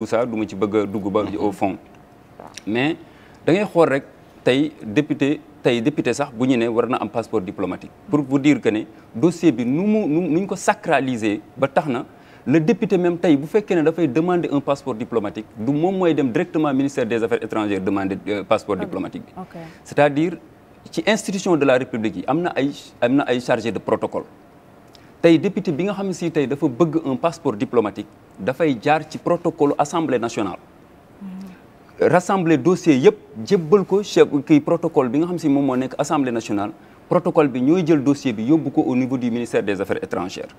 tout ma ci bëgg a dugg ba au fond mais da ngay xool rek tey député tey député sax bu ñu nee war na am passeport diplomatique pour bu dire que ne dossier bi nu mu nuñ ko sacraliser ba tax na le député même tey bu fekkee ne dafay demande un passeport diplomatique du moom mooy dem directement ministère des affaires étrangères demander euh, passeport ah, diplomatique bi c'est-à-dire ci institution de la république yi am na ay am na ay chargé de protocole tey député bi nga xam si tey dafa bëgg un passeport diplomatique dafay jaar ci protocole assemblée nationale. Mm-hmm. rassembler dossier yëpp jébbal ko chef kii protocole bi nga xam si moom moo nekk assemblée nationale protocole bi ñooy jël dossier bi yóbbu ko au niveau du ministère des affaires étrangères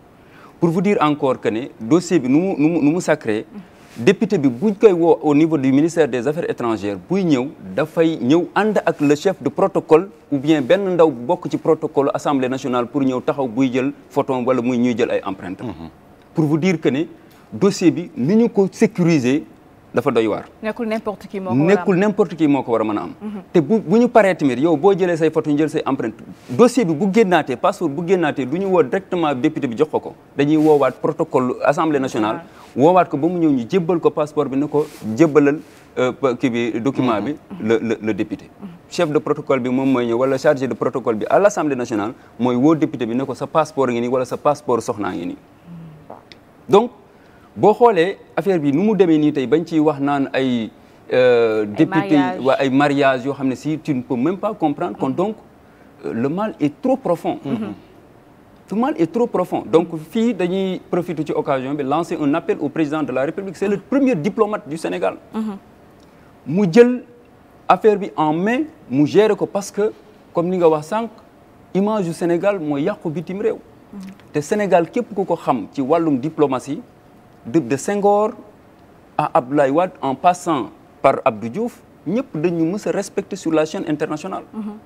pour vous dire encore que ne dossier bi nu mu nu mu nu mm-hmm. député bi buñ koy woo au niveau du ministère des affaires étrangères buy ñëw dafay ñëw ànd ak le chef de protocole ou bien benn ndaw bokk ci protocole assemblée nationale pour ñëw taxaw buy jël photo wala muy ñuy jël ay empreinte mhm. pour vous dire que ne dossier bi ni ñu ko sécuriser dafa doy waar. nekkul n'importe qui moo ko war a nekkul moo ko war a a am. Mhm. te bu bu ñu paree tamit yow boo jëlee say photo ñu jël say empreinte dossier bi bu génnaatee passeport bu génnaatee du ñu woo directement député bi jox ko ko dañuy woowaat protocole assemblée nationale. woowaat ko ba mu ñëw ñu jébbal ko passeport bi ne ko jébbalal euh, kii bi document bi. Mhm. le le le député. Mhm. chef de protocole bi moom mooy ñëw wala chargé de protocole bi à l' assemblée nationale mooy woo député bi ne ko sa passeport ngi nii wala sa passeport soxnaa ngi nii donc. boo xoolee affaire bi nu mu demee nii tey bañ ciy wax naan ay. Euh, député waa ay mariage yoo xam ne si tu ne peux même pas comprendre kon mm-hmm. donc euh, le mal est trop profond. Mm-hmm. Mm-hmm. le mal est trop profond donc fii dañuy profiter ci occasion bi lancer un appel au président de la république c'est le premier diplomate du Sénégal. mu jël affaire bi en main mu gere ko parce que comme ni nga wax sànq image du Sénégal mooy yàqu bitim réew. te Sénégal képp ku ko xam ci wàllum diplomatie. de de Senghor à Abdoulaye waat en passant par Abdou Diouf ñëpp dañu mës a respecter sur la chaîne internationale. Mm-hmm.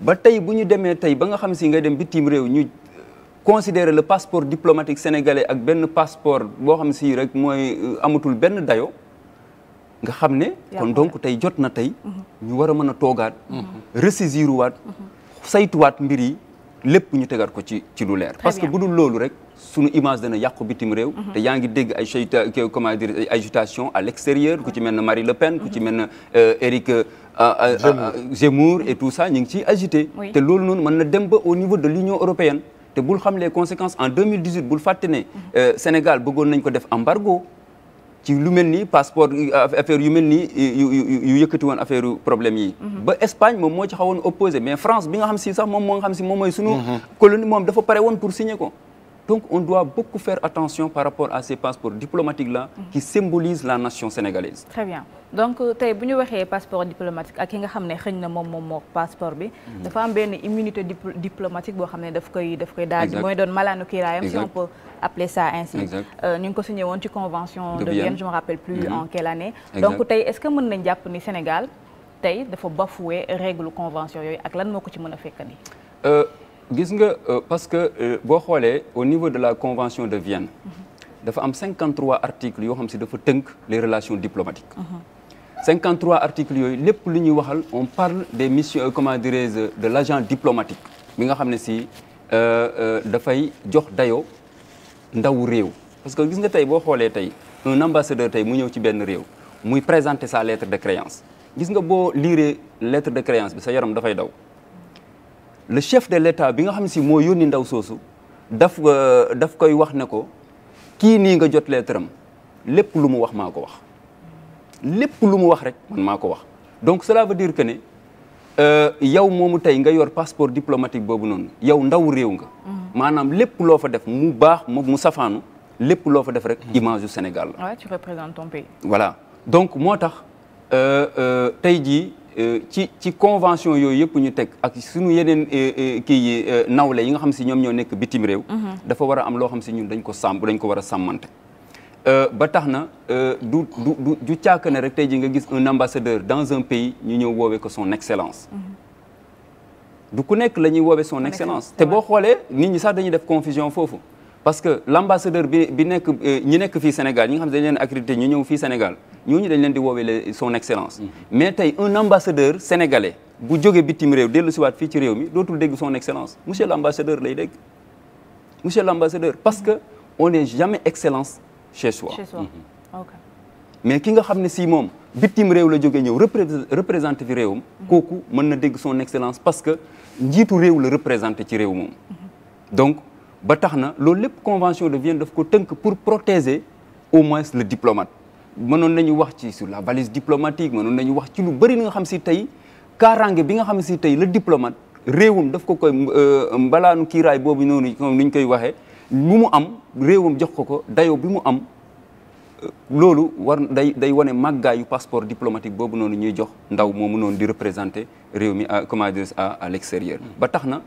ba tey bu ñu demee tey ba nga xam si ngay dem bitim réew ñu considérer le passeport diplomatique sénégalais ak benn passeport boo xam si rek mooy euh, amatul benn dayo nga xam ne kon donc tey jot na tey mm-hmm. ñu war a mën a toogaat mm-hmm. ressaisir waat saytuwaat mbir yi lépp ñu tegaat ko ci ci lu leer parce que bu dul loolu rek sunu image dana yàqu bitim réew. Mhm. te yaa ngi dégg agitation à l'extérieur ku ci mel ne Marie Le Pen ku ci mhm. mel euh, Éric. Euh, euh, Zemmour et tout ça ñu ngi agité. te loolu noonu mën na dem ba au niveau de l'Union européenne. te bul xam les conséquences en 2018 bul fàtte ne. Mhm. Sénégal bëggoon nañ ko def embargo. ci lu mel ni passeport affaire yu mel ni yu yu yëkkati woon affaire problème yi. ba Espagne moom moo ci opposé mais France bi nga si sax moom moo si moom sunu. colonie Donc on doit beaucoup faire attention par rapport à ces passeports diplomatiques-là mhm. qui symbolisent la nation sénégalaise. Très bien. donc tey bu ñu waxee passeport diplomatique ak ki nga xam ne xëñ na moom moom moo passeport bi. Mhm. dafa am benn immunité diplomatique boo xam ne daf koy daf koy daal mooy doon malaanu kiiraayam si on peut appeler ça ainsi. Euh, ñu ngi ko signé woon ci convention de Vienne je me rappelle plus mhm. en quelle année. donc tey est-ce que mën nañ jàpp ni Sénégal ak lan moo ko ci mën a gis nga euh, parce que euh, boo xoolee au niveau de la convention de Vienne mhm. dafa am 53 articles yoo xam si dafa tënk les relation diplomatiques. 53 mhm. articles yooyu lépp lu ñuy waxal on parle des missions euh, comment dirais-je de l' agent diplomatique bi nga xam ne si dafay jox dayoo ndaw réew. parce que gis nga tey boo xoolee tey un ambassadeur tey mu ñëw ci benn réew muy présente sa lettre de créance gis nga boo liiree lettre de créance bi sa yaram dafay daw. le chef de l'État bi nga xam si moo yónni ndaw soosu daf euh, daf koy wax ne ko kii nii nga jot lettre am lépp lu mu wax maa ko wax lépp lu mu wax rek man maa ko wax donc cela veut dire que ne euh, yow moomu tey nga yor passeport diplomatique boobu noonu yow ndaw réew nga mm-hmm. maanaam lépp loo fa def mu baax mu safaanu lépp loo fa def rek mm-hmm. image du Sénégal la. voilà donc moo tax euh, tey jii Euh, ci ci convention yooyu yëpp ñu teg ak suñu yeneen euh, euh, kii yi nawle yi nga xam si ñoom ñoo nekk bitim réew. Mhm. dafa war a am loo xam si ñun dañ ko sàmm dañ ko war a sàmmante. ba tax na du du du du càkk ne rek tey ji nga gis un ambassadeur dans un pays ñu ñëw woowee ko son excellence. Mhm. du ku nekk la ñuy woowee son excellence. te boo xoolee nit ñi sax dañuy def confusion foofu. parce que l' ambassadeur bi bi nekk euh, ñi nekk fii Sénégal ñi nga xam ne dañ leen accrédité ñu ñëw fii Sénégal ñooñu dañ leen di woowee son excellence. Mm-hmm. mais tey un ambassadeur sénégalais bu jógee bitim réew dellu siwaat fii ci réew mi dootul dégg son excellence monsieur l' ambassadeur lay dégg monsieur l' ambassadeur parce que on n'est jamais excellence chez soi. chez soi mm-hmm. ok mais ki nga xam ne si moom bitim réew la jógee ñëw représenté fi réew réewam. Mm-hmm. kooku mën na dégg son excellence parce que njiitu réew la représenté ci réew moom ba tax na loolu lépp convention de Vienne daf ko tënk pour protéger au moins le diplomate mënoon nañu wax ci sur la valise diplomatique mënoon nañu wax ci lu bëri li nga xam si tey kaaraange bi nga xam si tey la diplomate réewum daf ko koy euh, mbalaanu kiiraay boobu noonu ni ñu koy waxee lu mu am réewum jox ko ko dayoo bi mu am euh, loolu war day day wane màggaayu passeport diplomatique boobu noonu ñuy jox ndaw moomu noonu di représenter réew mi à comment dire à ba tax na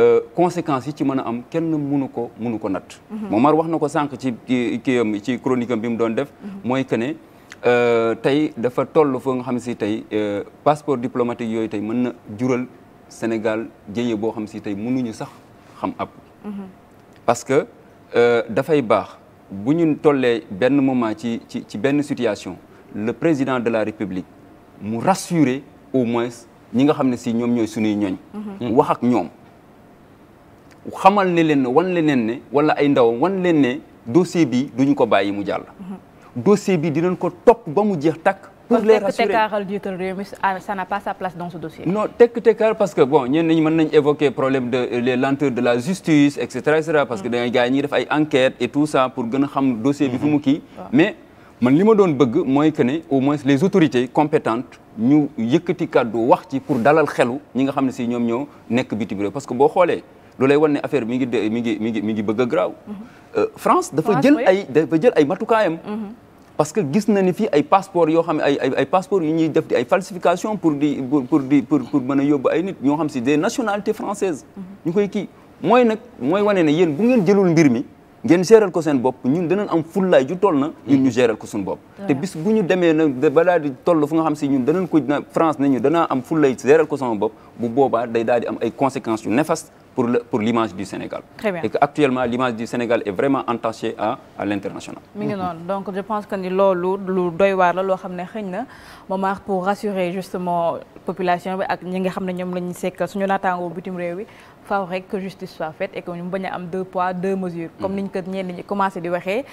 Euh, conséquences yi ci mën a am kenn munu ko munu ko natt. Mhm. Momar wax na ko sànq ci kii ci chronique bi mu doon def. Mhm. mooy que ne euh, tey dafa toll foo nga xam si tey euh, passeport diplomatique yooyu tey mën na jural Sénégal jëye boo xam si tey ñu sax xam ab. Mhm. parce que dafay baax bu ñu tollee benn moment ci ci ci benn situation le président de la République mu rassurer au moins ñi nga xam ne si ñoom ñooy suñuy ñooñ. wax ak ñoom. xamal ne leen ne wan leen ne wala ay ndaw wan leen ne dossier bi ñu ko bàyyi mu jàll. dossier bi dinañ ko topp ba mu jeex takk. pour les rassurer tekk-tekkaaral jiital réew mi ah, ça n'a pas sa place parce que bon ñeen ñi mën nañ évoquer problème de euh, les lenteurs de la justice et cetera parce que mm. dangay gars yi ñuy def ay enquêtes et tout ça pour gën a xam dossier bi fu mu mm-hmm. kii. mais man li ma doon bëgg mooy que ne au moins les autorités compétentes ñu yëkkati kàddu wax ci pour dalal xelu ñi nga xam ne si ñoom ñëw nekk bitim réew parce que boo xoolee. lu lay wan ne mi ngi de mi ngi mi ngi mi ngi bëgg a graaw mhm. euh, France dafa jël ay dafa jël matukaayam mhm. parce que gis na ni fii ay passeport yoo xam ne ay ay yu ñuy def di ay falsification pour di pour di pour pour mën a yóbbu ay nit ñoo xam si des nationalités françaises mhm. ñu koy kii mooy nag mooy wane ne yéen bu ngeen jëlul mbir mi ngeen géral ko seen bopp ñun danañ am fullaay ju toll na ñun ñu géral ko suñu bopp te bis bu ñu demee nag balaa di toll fu nga xam si ñu danañ ko France ne ñu danaa am fullaay géral ko sama bopp bu boobaa day daal di ay conséquences yu néfaste pour le pour l'image du Sénégal. Très bien. et que actuellement l'image du Sénégal est vraiment entachée à l'international. donc je pense que ni loolu lu doy waar la loo xam ne xëy na moment pour rassurer justement population bi ak ñi nga xam ne ñoom la ñu sekk suñu naataangoo bitim réew bi faaw rek que justice soit faite et que ñu bañ am deux poids deux mesures. comme mm-hmm. niñ ko ñenn ñi commencé di waxee